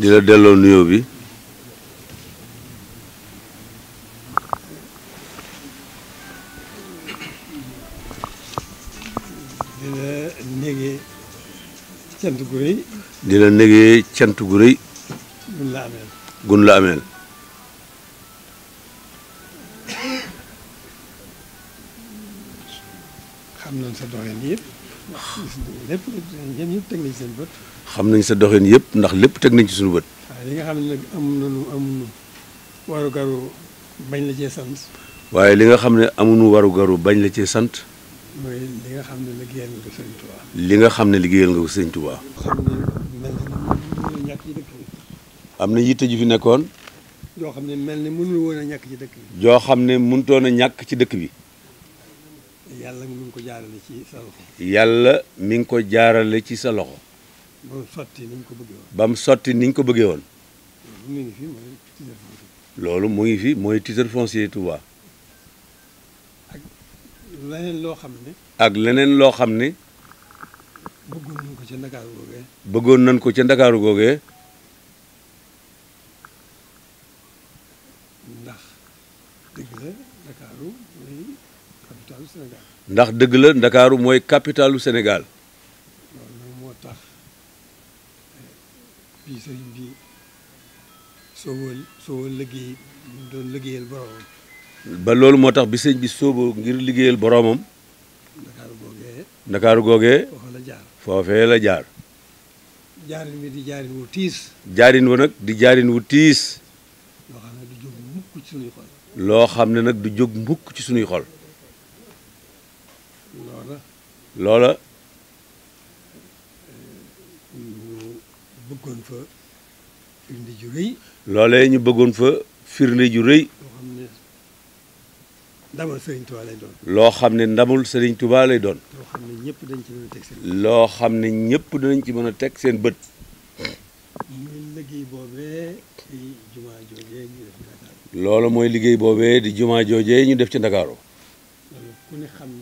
di la delloo nuyoo bi di la négee gu rëy di la négee cant gu rëy gun la ameel gun la ameel xam nañ sa seen bët xam nañ sa doxin yëpp ndax lépp teg nañ ci suñu bët. waaw li nga xam ne nag amuñu amuñu warugaru bañ la cee sant. li nga xam ne amuñu warugaru bañ la cee sant. li nga xam ne liggéeyal nga ko sëñ Touba. li nga xam ne liggéeyal nga ko sëñ Touba. am na yitte ju fi nekkoon. joo xam ne mel ni mënul woon a ñàkk ci dëkk bi. joo xam ne mënutoon a ñàkk ci dëkk bi. yàlla mi ngi ko jaarale ci sa loxo. yàlla mi ngi ko jaarale ci sa loxo. ba mu sotti ni ko bëggee woon. ni ñu ko bëggee woon. loolu mu ngi fi mooy titre foncier Touba. ak leneen loo xam ne. ak leneen loo xam ne. bëggoon nañ ko ca Ndakaaru googee. nañ ko ca Ndakaaru googee. ndax dëgg la Ndakaaru mooy capitalu Sénégal. ndax dëgg la Ndakaaru mooy capitalu Sénégal. bi sëriñ bi sooboo sooboo liggéey ba loolu moo tax bi sëriñ bi sooboo ngir liggéeyal boroomam. ndakaaru googee. foofee la jaar foofee la jaar. jaarin bi di jaarin wu tiis. jaarin wu nag di jaarin wu tiis. loo xam ne du jóg mukk ci sunuy xol. nag du jóg mukk ci sunuy xol. loola. fa ñu bëggoon fa firnde ju rëy. ndamal loo xam ne ndamul Serigne Touba doon. ñëpp dañ loo xam ne ñëpp danañ ci mën a teg seen bët. muy liggéey loolu mooy liggéey boobee di jumaa joojee ñu def ci Ndakaaru. loolu ku ne xam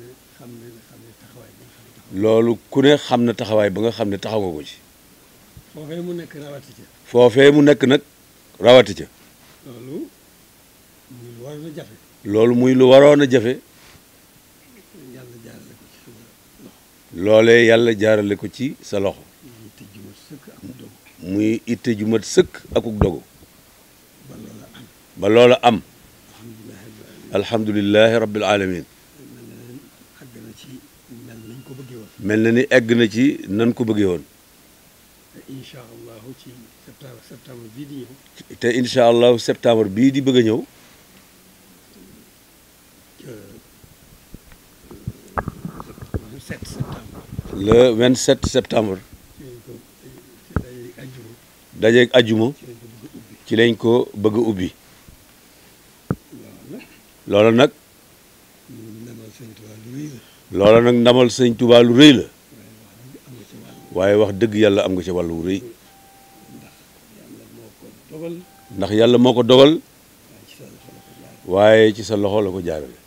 loolu ku ne xam na taxawaay ba nga xam ne taxaw nga ko ci. foofee mu nekk rawati ca. mu nekk nag rawati ca. loolu muy lu waroon a jafe. loolu yàlla jaarale ko ci sa loxo. muy itte ju mat sëkk akuk dogu. ba loola am. ba loola am. alhamdulilahi rabbil alamin mel na ni egg na ci nan ko bëggee woon. incha allahu ci septembre septembre bii di te incha allahu septembre bii di bëgg a ñëw. Euh, le 27 septembre. dajeeg ajuma ci lañ ko bëgg a ubbi. loolu nag. loolu nag ndamal sëñ Tuubaa rëy la. waaye wax dëgg yàlla am nga ci wàllu wu rëy ndax yàlla moo ko dogal waaye ci sa loxo la ko jaarale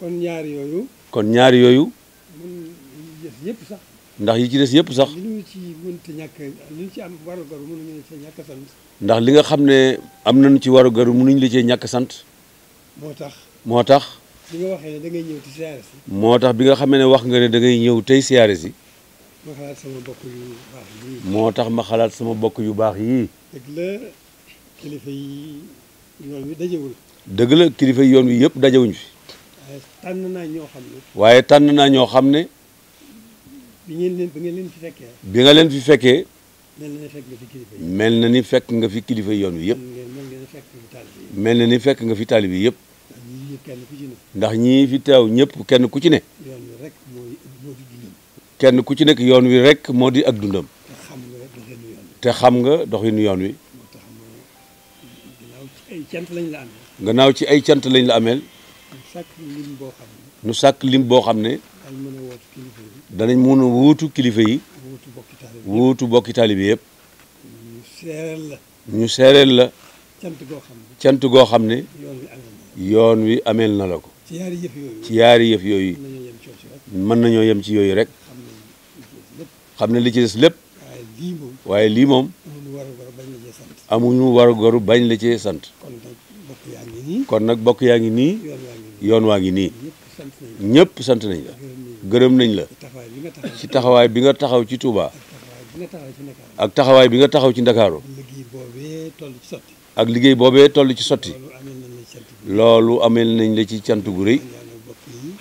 kon ñaar yooyu kon ñaar yooyu ndax yi ci des yëpp sax ndax li nga xam ne am na nañu ci waru garu mënuñu la cee ñàkk sant moo tax moo tax bi nga waxee ne tax bi nga xam ne wax nga ne da ñëw tey siyaare si ma xalaat sama moo tax ma xalaat sama bokk yu baax yi. dëgg la kilifa yi yoon wi dajewul. dëgg kilifa yoon wi yëpp dajewuñ fi. waaye tànn na ñoo tànn naa ñoo xam ne. bi leen bi ngeen leen fi fekkee. bi leen fi fekkee. mel na ni fekk nga fi kilifa yi. na ni fekk nga fi kilifa yoon wi yëpp. mel na ni fekk nga fi taalibe yi yëpp. ndax ñii fi teew ñëpp kenn ku ci ne. kenn ku ci nekk yoon wi rek moo di ak dundam te xam nga doxinu yoon wi gannaaw ci ay cant lañ la ameel nu sàkk lim boo xam ne danañ mën wuutu kilifa yi wuutu bokki taalibe yëpp ñu seereel la cant goo xam ne yoon wi ameel na la ko ci yaari yëf yooyu mën nañoo yem ci yooyu rek xam na li ci lépp waaye lii moom amuñu war goru bañ la cee sant kon nag bokk yaa ngi nii yoon waa ngi nii ñëpp sant nañ la gërëm nañ la ci taxawaay bi nga taxaw ci tuuba ak taxawaay bi nga taxaw ci Ndakaaru ak liggéey boobee toll ci sotti loolu amel nañ la ci cant gu rëy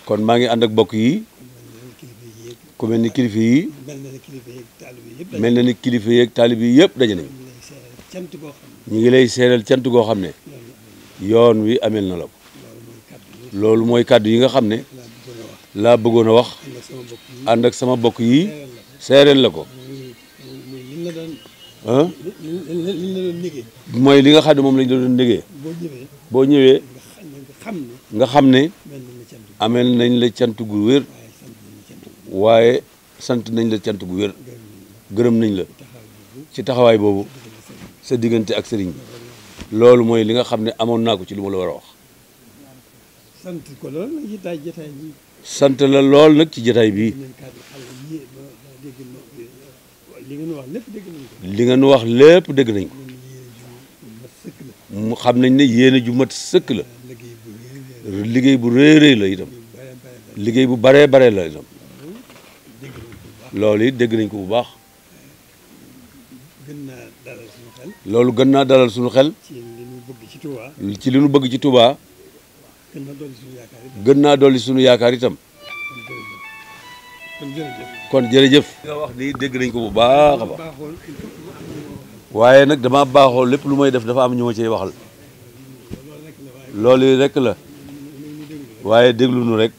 kon maa ngi ànd ak bokk yi ku mel ni kilifa yi. mel na ni kilifa yeeg taalibe yëpp mel na ni yi yëpp daje nañu. ñu ngi lay seeral cant goo xam ne. yoon wi amel na la ko. loolu mooy kàddu yi nga xam ne. laa bëggoon a wax. ànd ak sama bokk yi. seereel la ko. ah. mooy li nga xam ne moom lañ la doon déggee. boo ñëwee. xam ne. amel nañ la cant gu wér. waaye sant nañ la cant bu wér gërëm nañ la ci taxawaay boobu sa diggante ak sëriñ loolu mooy li nga xam ne amoon naa ko ci lu ma la war a wax. sant ko lool nag sant la lool nag ci jotaay bi. li nga nu wax lépp dégg nañ ko. li wax lépp dégg nañ mu xam nañ ne yéene ju mat sëkk la. liggéey bu réy réy la itam. liggéey bu baree baree la itam. loolu it dégg nañ ko bu baax. gën naa loolu gën naa dalal suñu xel. ci li ñu bëgg ci Touba. bëgg ci Touba. gën naa dolli suñu yaakaar itam. gën kon jërëjëf. kon wax ni dégg nañ ko bu baax a waaye nag dama baaxoo lépp lu may def dafa am ñu ma waxal. loolu rek la. waaye déglu nu rek.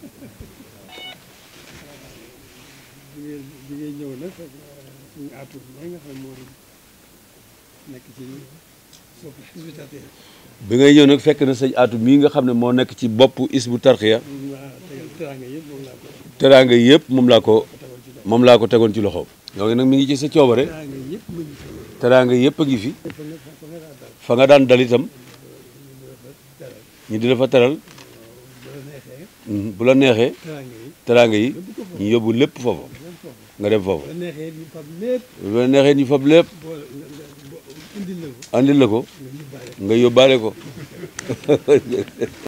loolu nag suñu aatu nga xam moo fekk na sëñ aatu mii nga xam ne moo nekk ci bopp Hizbut Tarqiyyah teraanga yëpp moom laa ko laa ko tegoon ci loxoom yow nag mi ngi ci sa coobare teraanga yëpp a ngi fi fa nga daan dal itam di la fa teral Mm, bu la neexee teraanga yi ñu yóbbu lépp foofu nga dem foofu bu la neexee ñu fab lépp andil la ko nga yóbbaale ko